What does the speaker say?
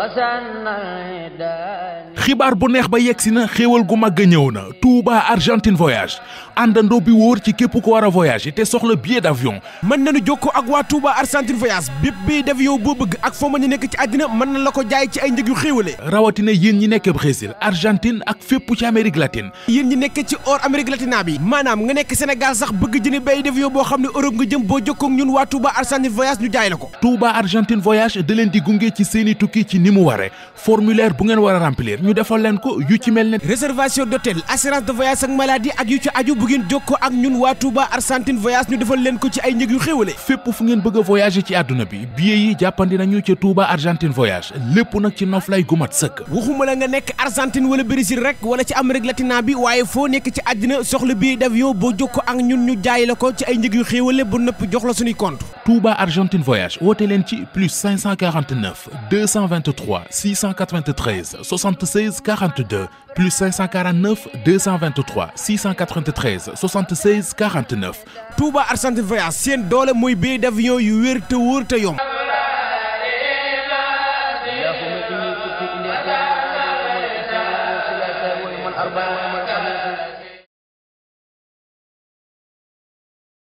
وسن الهداية xibaar bu neex ba yegsi na xéewal gu màgg ñëw na Touba Argentine voyage àndandoo bi wóor ci képp ko war a voyage te soxla billet d'avion mën nañu jokkoo ak waa Touba Argentine voyage bépp billet d'avion boo bëgg ak foo mën a nekk ci àddina mën na la ko jaay ci ay njëg yu xéewale rawatina yéen ñi nekk Brésil Argentine ak fépp ci Amérique latine yéen ñi nekk ci hors Amérique latina bi maanaam nga nekk Sénégal sax bëgg jëne billet d'avion boo xam ne Europe nga boo jokkoo ak ñun waa Touba Argentine voyage ñu jaay la ko Touba Argentine voyage da leen di ni mu defal leen ko yu ci mel ne réservation d'hôtel assurance de voyage ak maladie ak yu ci aju bu ngeen jokkoo ak ñun waa Touba Argentine voyage ñu defal leen ko ci ay njëg yu xéwale fépp fu ngeen bëgg a ci àdduna bi billet yi jàppandi nañu ca Touba Argentine voyage lépp nag ci noflaay gu mat sëkk waxuma nga nekk Argentine wala Brésil rek wala ci am Amérique latine bi waaye foo nekk ci àddina soxla billet d'avion boo ko ak ñun ñu jaay la ko ci ay njëg yu xéwale bu nëpp jox la suñuy compte Touba Argentine voyage woote leen ci plus 549 223 693 76 42 plus 549 223 693 76 49 Touba Argentine voyage seen doole muy billet d'avion yu wér te wóor te yomb.